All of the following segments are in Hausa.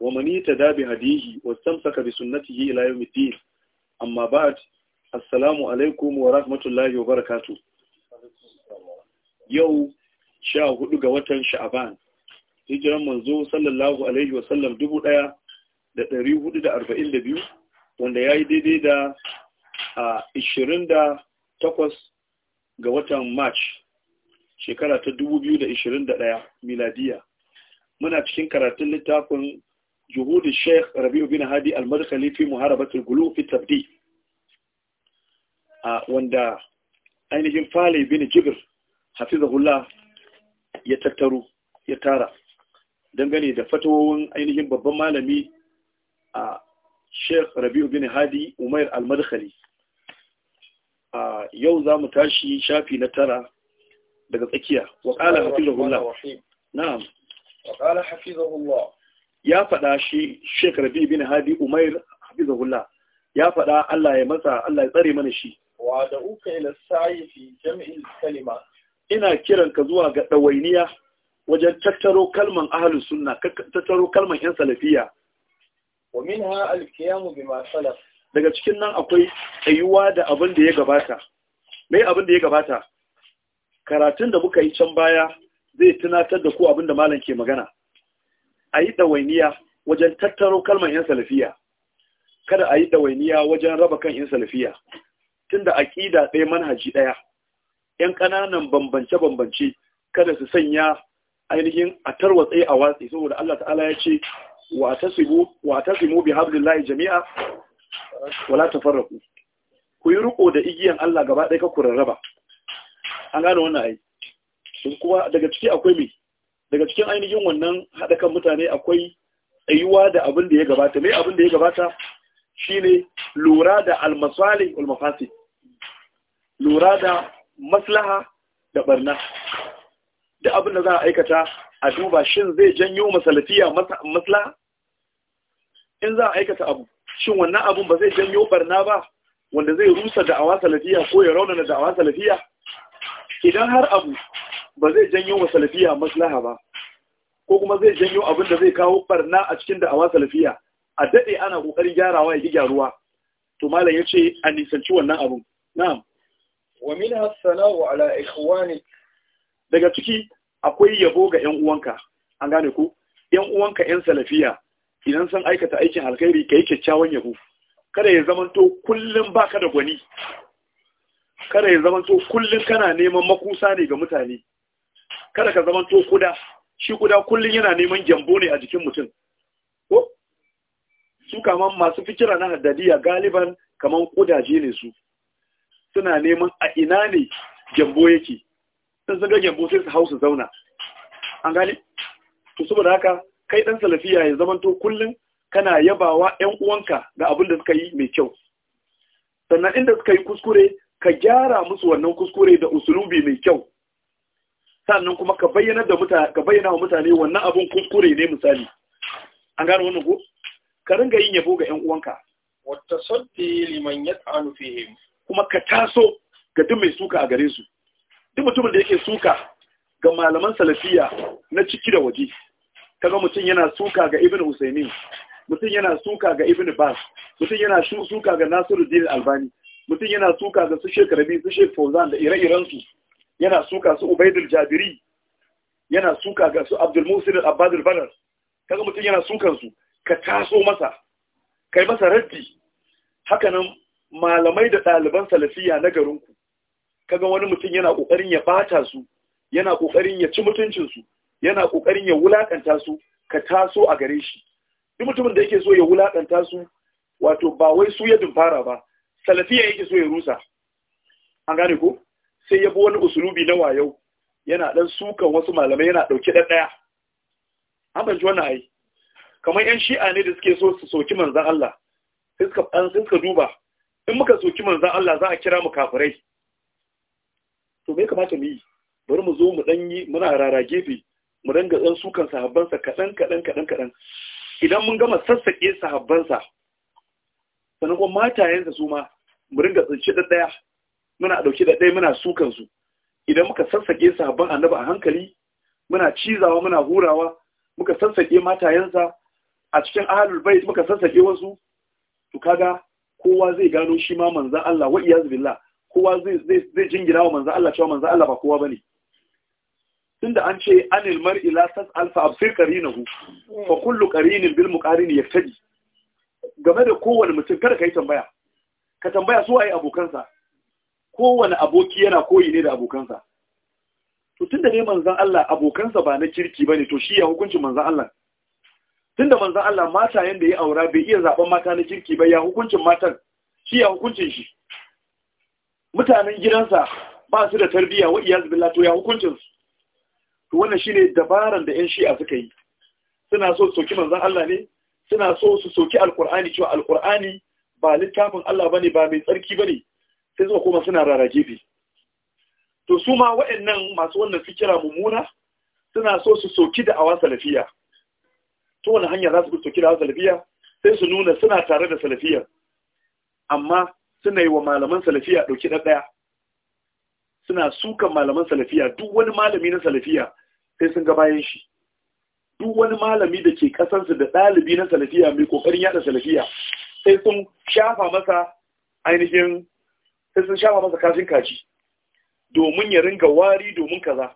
wa mani ta dabi hadihi wa tamsaka bi sunnatihi ila yawm ad-din amma ba'd assalamu alaikum wa rahmatullahi wa barakatuh yau 14 ga watan sha'ban hijran manzo sallallahu alaihi wa sallam 1442 wanda yayi daidai da 28 ga watan march shekara ta 2021 miladiya muna cikin karatun littafin juhudi sheikh rabi'u bin hadi al-madkhali fi muharabatul gulu fi tabdi a wanda ainihin fali bin jibir hafizahullah ya tattaro ya tara dangane da fatawowin ainihin babban malami a sheikh rabi'u bin hadi umair al-madkhali a yau za mu tashi shafi na tara daga tsakiya wa ƙala hafizahullah na'am wa ya faɗa shi shekar Rabi bin Hadi Umair hafizahullah ya faɗa Allah ya masa Allah ya tsare mana shi wa da uka ila sa'i fi jami'in kalima ina kiran ka zuwa ga ɗawainiya wajen tattaro kalman ahlus sunna tattaro kalman yan salafiya wa minha al-qiyam bima salaf daga cikin nan akwai tsayuwa da abin da ya gabata mai abin da ya gabata karatun da muka yi can baya zai tunatar da ku abin da malam ke magana a yi ɗawainiya wajen tattaro kalmar yan salafiya kada a yi ɗawainiya wajen raba kan yan salafiya tunda aƙida ɗaya manhaji ɗaya yan ƙananan bambance-bambance kada su sanya ainihin a tarwatse a watsi saboda Allah ta'ala ya ce wa tasimu bi hablillahi jami'a wala tafarraqu ku yi riko da igiyan Allah gaba ɗaya ka ku rarraba an gane wannan ai kuma daga ciki akwai me daga cikin ainihin wannan haɗa kan mutane akwai tsayuwa da abin da ya gabata mai abin da ya gabata shine lura da almasali ulmafasi lura da maslaha da barna da abin da za a aikata a duba shin zai janyo masalatiya maslaha in za a aikata abu shin wannan abun ba zai janyo barna ba wanda zai rusa da'awa salafiya ko ya raunana da'awa salafiya idan har abu ba zai janyo wa salafiya maslaha ba ko kuma zai janyo abin da zai kawo barna a cikin da'awa salafiya a daɗe ana ƙoƙarin gyarawa ya gyara ruwa to malam ya ce a nisanci wannan abun na'am wa min hasana'u ala ikhwani daga ciki akwai yabo ga yan uwanka an gane ku yan uwanka yan salafiya idan san aikata aikin alkhairi kai kyakkyawan yabo kada ya zamanto kullum baka da gwani kada ya zamanto kullum kana neman makusa ne ga mutane kada ka zamanto kuda shi kuda kullum yana neman gyambo ne a jikin mutum ko su kaman masu fikira na haddadiya galiban kaman kudaje ne su suna neman a ina ne gyambo yake sun ga gyambo sai su hau zauna an gani to saboda haka kai dan salafiya ya zamanto kullum kana yabawa ƴan uwanka da abin da suka yi mai kyau sannan inda suka yi kuskure ka gyara musu wannan kuskure da usulubi mai kyau sannan kuma ka bayyana da muta ka bayyana wa mutane wannan abin kuskure ne misali an gano wannan ko ka ringa yin yabo ga ƴan uwanka wata saddi liman yat'anu fihim kuma ka taso ga duk mai suka a gare su duk mutumin da yake suka ga malaman salafiya na ciki da waje kaga mutum yana suka ga ibn Usaimin mutum yana suka ga ibn Bas mutum yana suka ga Nasiruddin Albani mutum yana suka ga su Sheikh Rabi su Sheikh Fauzan da ire-iren su yana suka su Ubaidul Jabiri yana suka ga su Abdul Musin al-Abbad kaga mutum yana sukan su ka taso masa kai masa raddi hakanan malamai da ɗaliban salafiya na garinku kaga wani mutum yana ƙoƙarin ya bata su yana ƙoƙarin ya ci mutuncinsu yana ƙoƙarin ya wulaƙanta su ka taso a gare shi duk mutumin da yake so ya wulaƙanta su wato ba wai su ya dumfara ba salafiya yake so ya rusa an gane ko sai ya bi wani usulubi na wayau yana dan sukan wasu malamai yana dauke da daya an banci wannan ai kamar yan shi'a ne da suke so su soki manzan Allah sai suka sai duba in muka soki manzan Allah za a kira mu kafirai to me kamata mu yi bari mu zo mu dan yi muna rara gefe mu ringa ɗan sukan sahabbansa kaɗan kaɗan kaɗan kaɗan idan mun gama sassaƙe sahabbansa sannan kuma matayensa su ma mu ringa tsinci ɗaya muna ɗauki ɗaya muna sukan su idan muka sassaƙe sahabban annabi a hankali muna cizawa muna hurawa muka sassaƙe matayensa a cikin ahalul bait muka sassaƙe wasu to kaga kowa zai gano shi ma manzan Allah wa iyaz billah kowa zai zai jingina wa manzan Allah cewa manzan Allah ba kowa bane tunda an ce anil mar'i la tas'al fa absir qarinahu fa kullu qarinin bil muqarin yaftaji game da kowane mutum kada kai tambaya ka tambaya su waye abokansa kowane aboki yana koyi ne da abokansa to tunda ne manzon Allah abokansa ba na kirki bane to shi ya hukuncin manzon Allah tunda manzon Allah mata yanda ya aura bai iya zaben mata na kirki ba ya hukuncin matan shi ya hukuncin shi mutanen gidansa ba su da tarbiyya wa iyaz billah to ya hukuncin su to wannan shine dabaran da yan shi'a suka yi suna so su soki manzon Allah ne suna so su soki alqur'ani cewa alqur'ani ba littafin Allah bane ba mai tsarki bane sai su kuma suna rarage bi to su ma waɗannan masu wannan fikira mummuna suna so su soki da awa salafiya to wani hanya za su soki da awa salafiya sai su nuna suna tare da salafiyar amma suna yi wa malaman salafiya ɗauki daya suna sukan malaman salafiya duk wani malami na salafiya sai sun ga bayan shi duk wani malami da ke kasansu da ɗalibi na salafiya mai kokarin yada salafiya sai sun shafa masa ainihin sai sun shafa masa kashin kaji domin ya ringa wari domin kaza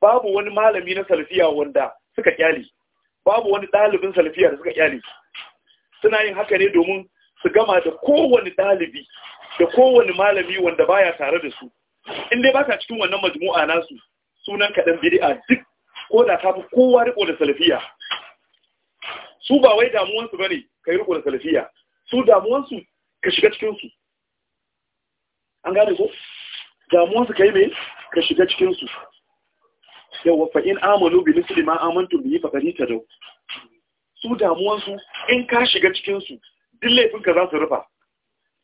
babu wani malami na salafiya wanda suka kyale babu wani ɗalibin salafiya da suka kyale suna yin haka ne domin su gama da kowane ɗalibi da kowane malami wanda baya tare da su in dai baka cikin wannan majmu'a nasu sunan kaɗan bid'a duk ko da ta fi kowa riko da salafiya su ba wai damuwansu ba ne ka yi riko da salafiya su damuwansu ka shiga cikinsu an gane ko damuwansu ka yi mai ka shiga cikinsu wa fa'in amalu bi misli ma amantu bi fa ta dau su damuwansu in ka shiga cikinsu duk laifinka za su rufa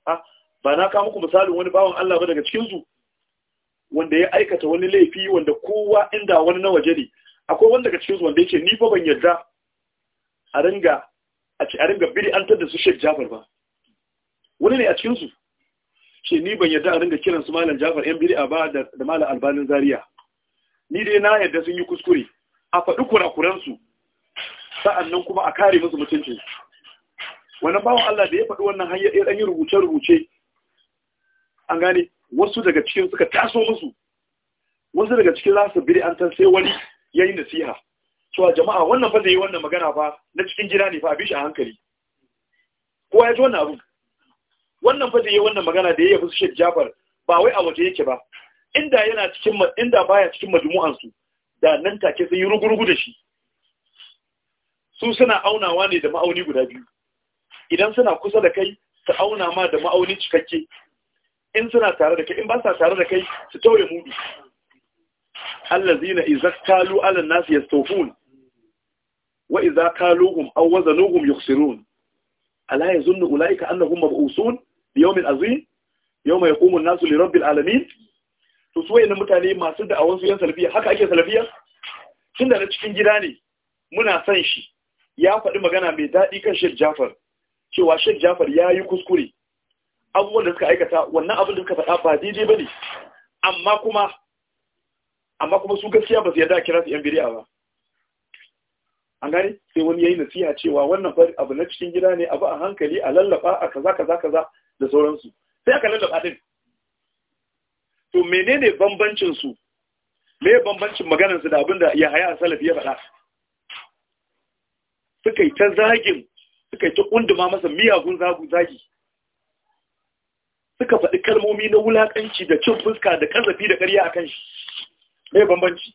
ah, ba na kawo muku misalin wani bawan Allah ba daga cikinsu wanda ya aikata wani laifi wanda kowa inda wani na waje ne akwai wanda daga cikin wanda yake ni fa ban yarda a ringa a ci a ringa bid'antar da su Sheikh Jafar ba wani ne a cikin su ce ni ban yarda a ringa kiran su Malam Jafar yan bid'a ba da Malam Albanin Zaria ni dai na yarda sun yi kuskure a faɗi kurakuran su sa'annan kuma a kare musu mutuncin su wannan bawan Allah da ya faɗi wannan hanyar ya yi rubuce-rubuce an gane wasu daga cikin suka taso musu wasu daga cikin za su biri an tan sai wani ya yi nasiha cewa jama'a wannan fa zai yi wannan magana fa na cikin gida ne fa a shi a hankali kowa ya ji wannan abu. wannan fa zai yi wannan magana da ya yi fusu jafar ba wai a waje yake ba inda yana cikin inda baya cikin majmu'ansu da nan take sai rugurugu da shi su suna aunawa ne da ma'auni guda biyu idan suna kusa da kai su auna ma da ma'auni cikakke in suna tare da kai in ba sa tare da kai su tauye mudu allazina idza kalu ala nas yastawfun wa idza kaluhum aw wazanuhum yukhsirun ala yazunnu ulaika annahum mab'usun bi yawmin azim yawma yaqumu an-nasu li rabbil alamin to su wayannan mutane masu da su yan salafiya haka ake salafiya tunda na cikin gida ne muna san shi ya faɗi magana mai daɗi kan Sheikh Jafar cewa Sheikh Jafar ya yi kuskure abubuwan da suka aikata wannan abin da suka faɗa ba daidai ba ne amma kuma amma kuma su gaskiya ba su yarda kira su yan biriya ba an gani sai wani ya yi nasiha cewa wannan abu na cikin gida ne abu a hankali a lallaba a kaza kaza kaza da sauransu sai aka lallaba din to menene bambancin su me bambancin maganar su da abin da Yahaya a salafi ya faɗa suka yi ta zagin suka yi ta kunduma masa miyagun zagu zagi suka faɗi kalmomi na wulakanci da cin fuska da kazafi da ƙarya kan shi me bambanci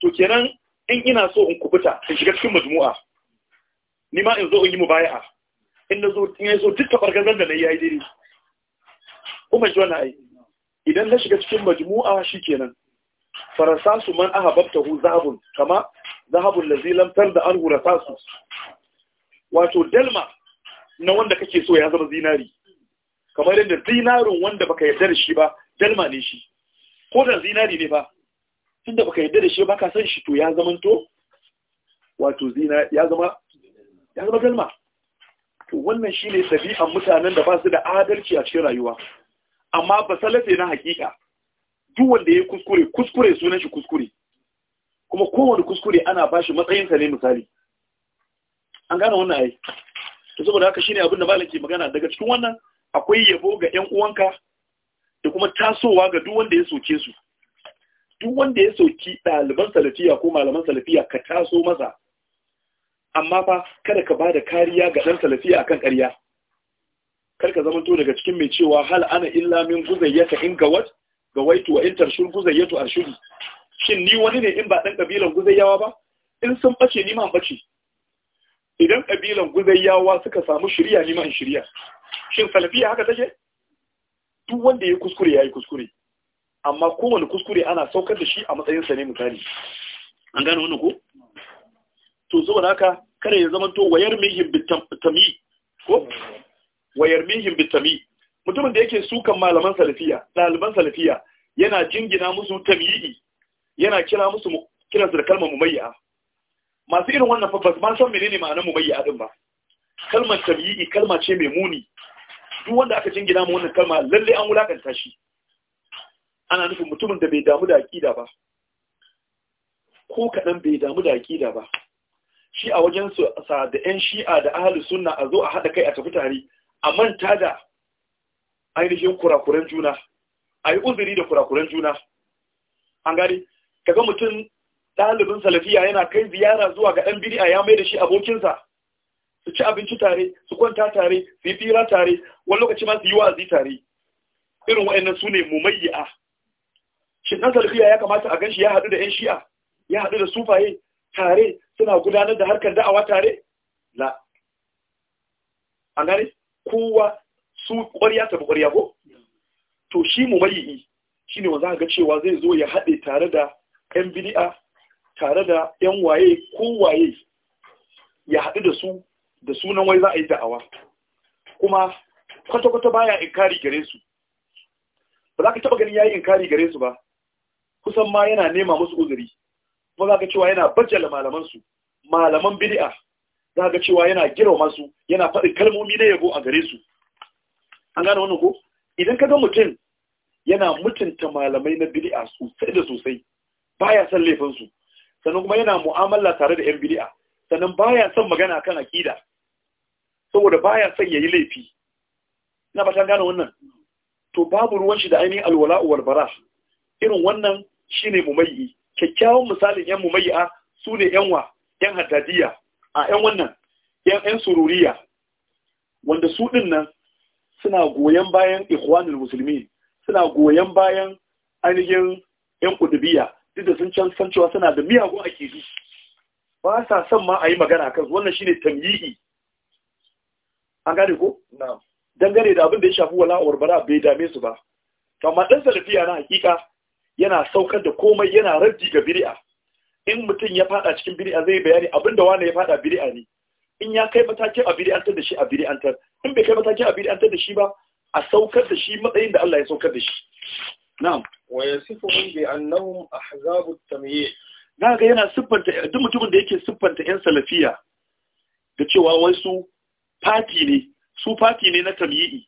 to kenan in ina so in kubuta in shiga cikin majmu'a ni ma in zo in yi mu mubaya'a in na zo in so duk tabargazan da na yi daidai kuma ji wannan aiki. idan na shiga cikin majmu'a shi farasa su man hu zahabun kama zahabun lazi lam tarda hura rasasu wato dalma na wanda kake so ya zama zinari kamar yadda zinarin wanda baka yarda da shi ba dalma ne shi ko da zinari ne ba tunda baka yadda da shi ba ka san shi to ya zamanto wato zina ya zama ya zama galma to wannan shine dabi'an mutanen da ba su da adalci a cikin rayuwa amma ba salafe na hakika duk wanda ya kuskure kuskure sunan shi kuskure kuma kowane kuskure ana bashi matsayinsa ne misali an gane wannan ai to saboda haka shine abin da malam ke magana daga cikin wannan akwai yabo ga 'yan uwanka da kuma tasowa ga duk wanda ya soke su duk wanda ya soki ɗaliban salafiya ko malaman salafiya ka taso masa amma fa kada ka bada kariya ga ɗan salafiya akan ƙarya kar ka zamanto daga cikin mai cewa hal ana illa min guzayyata in gawat gawaitu wa in tarshul guzayyatu arshudi shin ni wani ne in ba ɗan ƙabilan guzayyawa ba in sun ɓace ni ma ɓace idan ƙabilan guzayyawa suka samu shirya ni ma in shirya shin salafiya haka take duk wanda ya kuskure ya yi kuskure amma kowane kuskure ana saukar da shi a matsayinsa ne misali an gane wannan ko to saboda haka kada ya zama to wayar mihin bitami ko wayar mihin bitami mutumin da yake sukan malaman salafiya ɗaliban salafiya yana jingina musu tamiyi yana kira musu kiran su da kalmar mumayya masu irin wannan fa ba san menene ma'anar mumayya din ba kalmar tamiyi kalma ce mai muni duk wanda aka jingina mu wannan kalma lalle an wulakanta shi ana nufin mutumin da bai damu da aƙida ba ko kaɗan bai damu da aƙida ba shi a wajen su sa da ƴan shi'a da ahli sunna a zo a haɗa kai a tafi tare a manta da ainihin kurakuran juna a yi uzuri da kurakuran juna an gani kaga mutum ɗalibin salafiya yana kai ziyara zuwa ga ɗan a ya mai da shi abokinsa su ci abinci tare su kwanta tare su yi fira tare wani lokaci ma su yi wa'azi tare irin wa'annan su ne mumayyi'a shin na salafiya ya kamata a ganshi ya haɗu da yan shi'a ya haɗu da sufaye tare suna gudanar da harkar da'awa tare la A gane kowa su ƙwarya ta ƙwarya ko to shi mumayyi'i shi ne aka ga cewa zai zo ya haɗe tare da yan bid'a tare da yan waye ko waye ya haɗu da su da sunan wai za a yi da'awa kuma kwata-kwata baya inkari gare su ba za ka taba ganin ya yi inkari gare su ba kusan ma yana nema musu uzuri kuma za ka cewa yana bajjala malamansu. malaman bidi'a za ka cewa yana girma su yana faɗin kalmomi na yabo a gare su an gane wannan ko idan ka ga mutum yana mutunta malamai na bidi'a sosai da sosai baya son laifin sannan kuma yana mu'amala tare da yan bidi'a sannan baya son magana kan akida saboda baya son yi laifi ina ba tan gane wannan to babu ruwan shi da ainihin alwala uwar bara irin wannan shine mumayyi kyakkyawan misalin yan mumayya su ne yan wa yan hadadiya a yan wannan yan yan sururiya wanda su din nan suna goyon bayan ikhwanul muslimin suna goyon bayan ainihin yan kudubiya duk da sun can san cewa suna da miyagun akidu ba sa son ma a yi magana kan wannan shine tamyi'i an gane ko dangane da abin da ya shafi wala warbara bai dame su ba to amma dan salafiya na hakika yana saukar da komai yana raddi ga bir'a in mutum ya fada cikin bir'a zai bayani abin da wani ya fada bir'a ne in ya kai matakin a bir'antar da shi a bir'antar in bai kai matakin a bir'antar da shi ba a saukar da shi matsayin da Allah ya saukar da shi na'am wa yasifuhum bi annahum ahzabut tamyiz ga yana siffanta duk mutumin da yake siffanta yan salafiya da cewa wai su fati ne su fati ne na tabi'i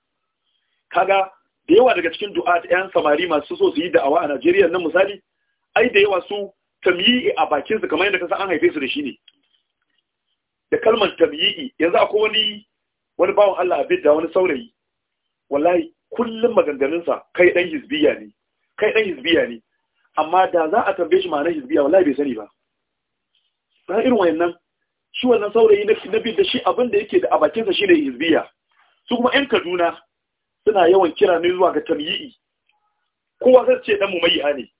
kaga da yawa daga cikin du'a ta yan samari masu so su yi da'awa a Najeriya nan misali ai da yawa su tabi'i a bakin su kamar yadda kasan an haife su da shi ne da kalmar tabi'i yanzu akwai wani wani bawan Allah abin da wani saurayi wallahi kullum maganganunsa kai dan hizbiya ne kai dan hizbiya ne amma da za a tambaye shi ma'anar hizbiya wallahi bai sani ba ba irin wayannan shi wannan saurayi na bin da shi abin da yake da a bakinsa shi ne hizbiya su kuma 'yan kaduna suna yawan kira ne zuwa ga tamyi'i kowa zai ce dan mumayyi'a ne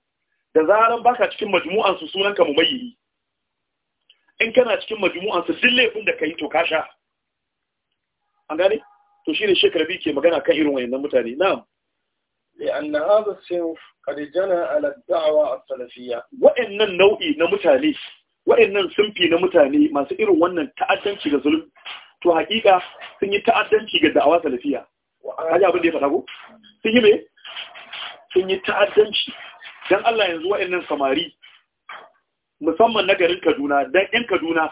da zaran baka cikin majmu'an su sunan ka mumayyi'i in kana cikin majmu'an su duk laifin da kai to ka sha an gane to shine bi ke magana kan irin wayannan mutane na'am لأن هذا الصنف قد جنى على الدعوة السلفية nau'i النوع mutane. waɗannan sunfi na mutane masu irin wannan ta'addanci ga zulum to hakika sun yi ta'addanci ga da'awa salafiya kaji abin da ya faɗa ko sun yi me sun yi ta'addanci dan Allah yanzu waɗannan samari musamman na garin Kaduna dan ƴan Kaduna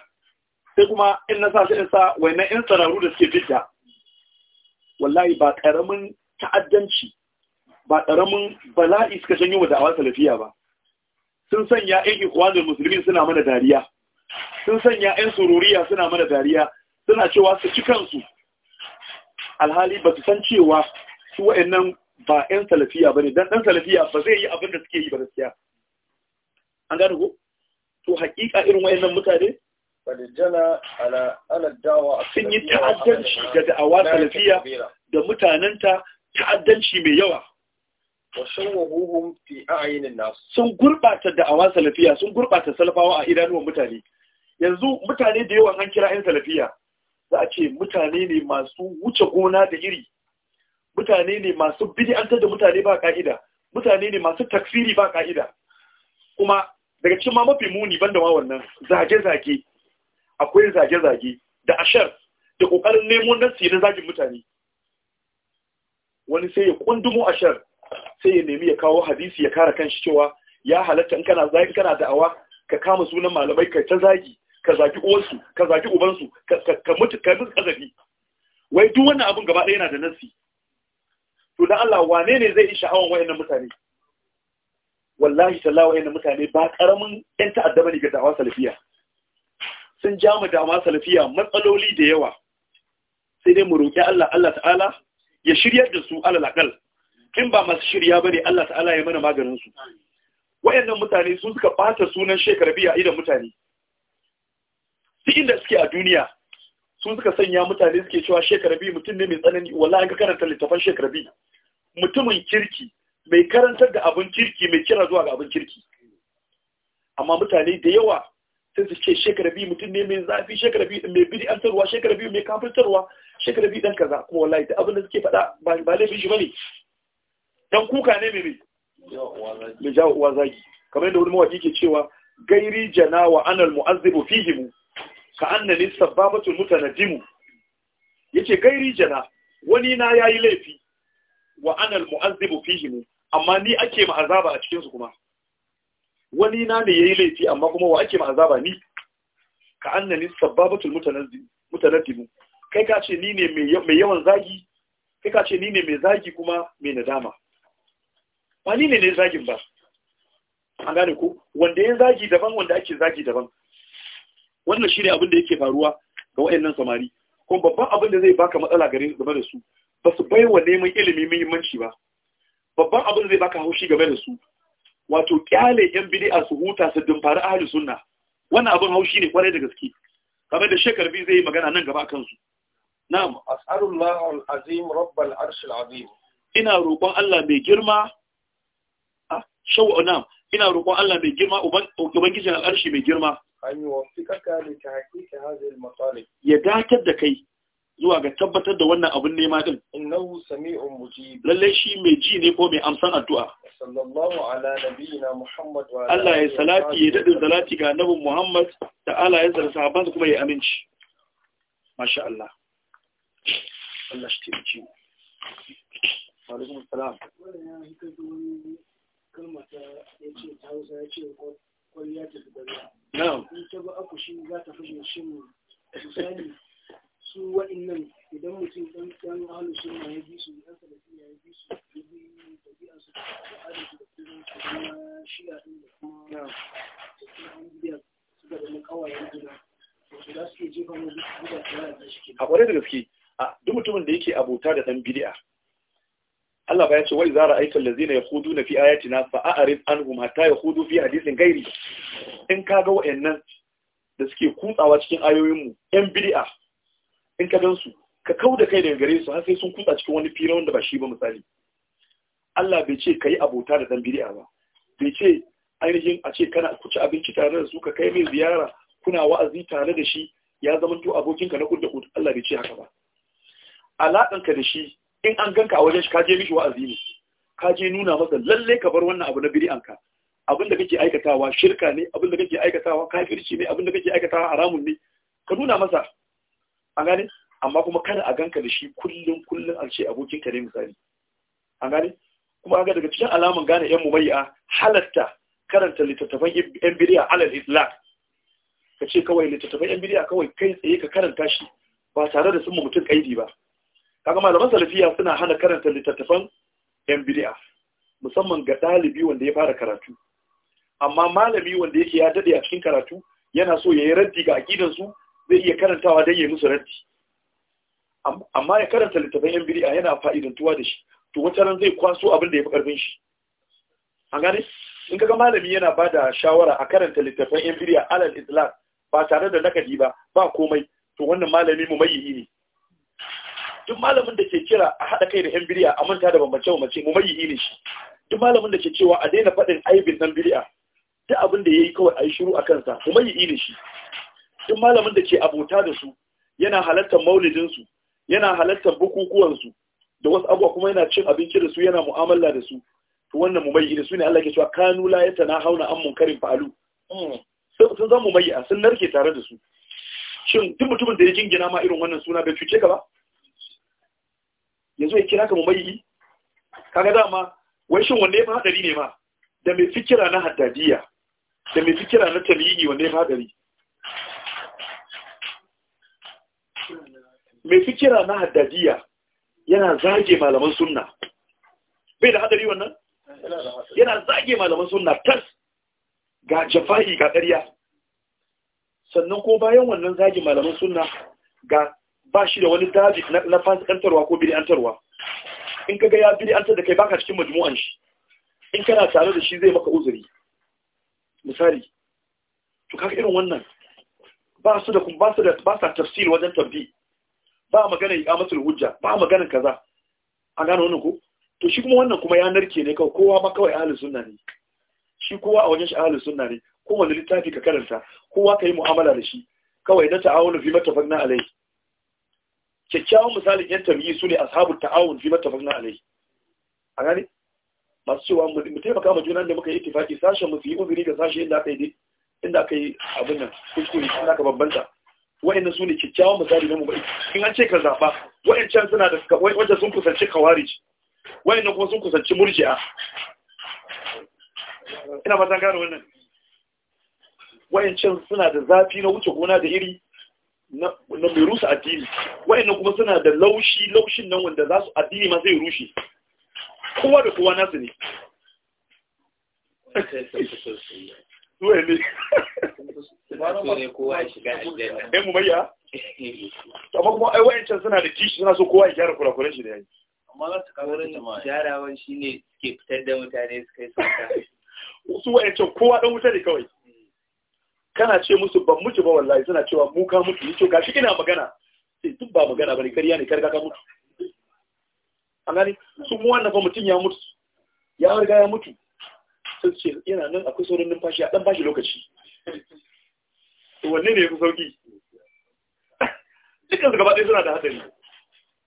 sai kuma in na sa shi in sa wayannan ƴan tsararu da suke fitta wallahi ba ƙaramin ta'addanci ba ƙaramin bala'i suka janyo wa da'awa salafiya ba sun sanya ƴan da musulmin suna mana dariya sun sanya ƴan sururiya suna mana dariya suna cewa su ci kansu alhali ba su san cewa su wa'annan ba ƴan salafiya bane dan ɗan salafiya ba zai yi abin da suke yi ba gaskiya an gane ko to haƙiƙa irin wa'annan mutane falijana ala ala dawa sun yi ta'addanci ga da'awa salafiya da mutananta ta'addanci mai yawa sawwuhum fi a'yunin nas sun gurbata da'awa salafiya sun gurbata salafawa a idanuwan mutane yanzu mutane da yawan an kira 'yan salafiya za a ce mutane ne masu wuce gona da iri mutane ne masu bid'antar da mutane ba ka'ida mutane ne masu taksiri ba ka'ida kuma daga cikin ma mafi muni banda ma wannan zage-zage akwai zage-zage da ashar da kokarin nemo nasi na zagin mutane wani sai ya kundumo ashar sai ya nemi ya kawo hadisi ya kara kan shi cewa ya halatta in kana zagi kana da'awa ka kama sunan malamai ka ta zagi ka zagi uwansu ka zagi ubansu ka mutu ka mutu kazafi wai duk wannan abin gaba ɗaya yana da nasi to dan Allah wane ne zai yi sha'awan wayannan mutane wallahi sallahu wayannan mutane ba karamin yan ta'adda bane ga da'awa salafiya sun ja mu da'awa salafiya matsaloli da yawa sai dai mu roƙi Allah Allah ta'ala ya shiryar da su alal in ba masu shirya ba ne Allah ta'ala ya mana maganin su wayannan mutane sun suka bata sunan shekara a idan mutane duk inda suke a duniya sun suka sanya mutane suke cewa biya mutum ne mai tsanani wallahi ka karanta littafan biya. mutumin kirki mai karantar da abin kirki mai kira zuwa ga abin kirki amma mutane da yawa sai su ce shekarabi mutum ne mai zafi shekarabi mai shekara shekarabi mai shekara shekarabi dan kaza kuma wallahi da abin da suke faɗa ba laifin shi bane dan kuka ne mai mai jawo uwa zagi kamar yadda wani mawaki ke cewa gairi jana wa anal mu'azzibu fihimu ka annani sababatu mutanadimu yace gairi jana wani na yayi laifi wa anal mu'azzibu fihimu amma ni ake ma azaba a cikin su kuma wani na ne yayi laifi amma kuma wa ake ma azaba ni ka annani sababatu mutanadimu kai ka ce ni ne mai yawan zagi kai ka ce ni ne mai zagi kuma mai nadama ba ni ne ne zagin ba an gane ko wanda ya zagi daban wanda ake zagi daban wannan shine abin da yake faruwa ga wayannan samari kuma babban abin da zai baka matsala gare game da su ba su bai wa neman ilimi muhimmanci ba babban abin da zai baka haushi game da su wato kyale yan bid'a su huta su dumfari ahlus sunna wannan abin haushi ne kwarai da gaske kamar da shekar bi zai magana nan gaba kan su na'am as'alullahu al-azim rabbal arshil azim ina roƙon Allah mai girma shawo nam ina roƙon Allah mai girma ubangijin al'arshi mai girma ya datar da kai zuwa ga tabbatar da wannan abin nema din innahu sami'un mujib lalle shi mai ji ne ko mai amsan addu'a sallallahu ala nabiyina muhammad wa Allah ya salati ya dade salati ga annabi muhammad da Allah ya zarta sahabbansa kuma ya aminci masha Allah Allah shi ta mu alaikum assalam ce ta hausa ya ce kwalliya ta fi gariya in ta ba aku shi za ta fashe shi mu misali su waɗannan idan mutum ɗan ɗan ahalu sunna ya bi su ɗan salafiya ya bi su ya bi ɗabi'a su da al'ada su da kuma su kuma shi'a ɗin da kuma da kuma an biya su da kuma ƙawayen gida wasu za su iya jefa mu gida ta yara da shi ke. a ƙwarai da gaske duk mutumin da yake abota da ɗan bidi'a Allah ya ce wai za zara aikin lazina ya hudu na fi ayatina ba a arif an hum ya hudu fi hadisin gairi in ka ga nan da suke kutsawa cikin ayoyinmu yan bidi’a in ka gansu ka kau da kai daga gare su har sai sun kutsa cikin wani fira wanda ba shi ba misali Allah bai ce ka yi abota da ɗan bidi’a ba bai ce ainihin a ce kana ku ci abinci tare da su ka kai mai ziyara kuna wa'azi tare da shi ya zama to abokinka na kudda kudda Allah bai ce haka ba alaƙanka da shi in an ganka a wajen shi kaje mishi wa'azi ne kaje nuna masa lalle ka bar wannan abu na bid'anka abin da kake aikatawa shirka ne abin da kake aikatawa kafirci ne abin da kake aikatawa haramun ne ka nuna masa an gane amma kuma kada a ganka da shi kullum kullum an ce abokin ka ne misali an gane kuma an ga daga cikin alaman gane yan mumayya halatta karanta littattafan yan bidiya alal islam ka ce kawai littattafan yan bidiya kawai kai tsaye ka karanta shi ba tare da sun mutum kaidi ba kaga malaman salafiya suna hana karanta littattafan yan bid'a musamman ga ɗalibi wanda ya fara karatu amma malami wanda yake ya daɗe a cikin karatu yana so ya yi raddi ga aqidan su zai iya karantawa dan yayi musu raddi amma ya karanta littattafan yan yana fa'idantuwa da shi to wata ran zai kwaso abin da ya fi ƙarfin shi an gane in kaga malami yana ba da shawara a karanta littattafan yan bid'a alal islam ba tare da nakadi ba ba komai to wannan malami mu yi ne duk malamin da ke kira a haɗa kai da ƴan biriya a manta da bambance bambance mu mai ne shi duk malamin da ke cewa a daina faɗin aibin ɗan biriya duk abin da yayi kawai ayi shiru a kansa mu mai ne shi duk malamin da ke abota da su yana halartar maulidin su yana halartar bukukuwan su da wasu abubuwa kuma yana cin abinci da su yana mu'amala da su to wannan mu mai su ne Allah ke cewa kanu la tana hauna an munkarin fa'alu hmm. sun zama mai sun narke tare da su shin duk mutumin da ya jingina ma irin wannan suna bai cuce ka ba yanzu ya kira ka mumayyi kaga dama wai shin wanne ya fi hadari ne ma da mai fikira na haddadiya da mai fikira na tabi'i wanne ya fi hadari mai fikira na haddadiya yana zage malaman sunna bai da hadari wannan yana zage malaman sunna tas ga jafahi ga ƙarya sannan ko bayan wannan zage malaman sunna ga ba shi da wani daji na fasikantarwa ko bid'antarwa in kaga ya bid'antar da kai baka cikin majmu'an shi in kana tare da shi zai maka uzuri misali to kaga irin wannan ba su da ba su da ba sa tafsir wajen tabbi ba magana ya masul hujja ba magana kaza a gano wannan ko to shi kuma wannan kuma yanar ke ne kawai kowa ma kawai ahlus sunna ne shi kowa a wajen shi ahlus sunna ne da littafi ka karanta kowa ka yi mu'amala da shi kawai da ta'awunu fi mattafaqna alayhi kyakkyawan misalin yan tabi'i su ne ashabu ta'awun fi matafakna alai a gani? masu cewa mu taimaka ma juna da muka yi ittifaki sashen mu su yi uzuri ga sashen inda aka yi inda aka yi abin nan kuskure inda aka bambanta wa'annan su ne kyakkyawan misali na mu in an ce ka zaɓa wa'ancan suna da wajen sun kusanci kawarij wa'annan kuma sun kusanci murji'a ina fatan gane wannan wa'ancan suna da zafi na wuce gona da iri na mai rusa addini wa'annan kuma suna da laushi laushin nan wanda za su addini ma zai rushe kowa da kowa nasu ne Zuwa Amma kuma ai wa'ancan suna da kishi suna so kowa ya gyara kurakuren shi da yayi. Amma za su kawo gyarawan shi ne suke fitar da mutane su kai sauka. Su wa'ancan kowa ɗan wuta ne kawai. kana ce musu ban mutu ba wallahi suna cewa mu ka mutu Ni yace gashi ina magana sai duk ba magana bane kariya ne karga ka mutu an gani su mu wannan fa mutun ya mutu ya riga ya mutu sun ce yana nan akwai sauran numfashi a dan bashi lokaci to wanne ne ya sauki dukkan su gaba ɗaya suna da hadari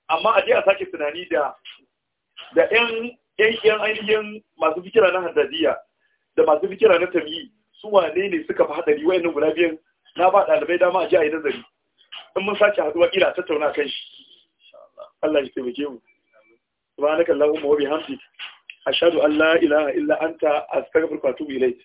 amma a je a sake tunani da da yan yan ainihin masu fikira na haddadiya da masu fikira na tamyi su wane ne suka fi hadari wayannan guda biyan na ba ɗalibai dama a ji a yi nazari in mun sace haɗuwa kila tattauna kan shi Allah ya taimake mu subhanaka allahumma wa bihamdika ashhadu an la ilaha illa anta astaghfiruka wa atubu ilayk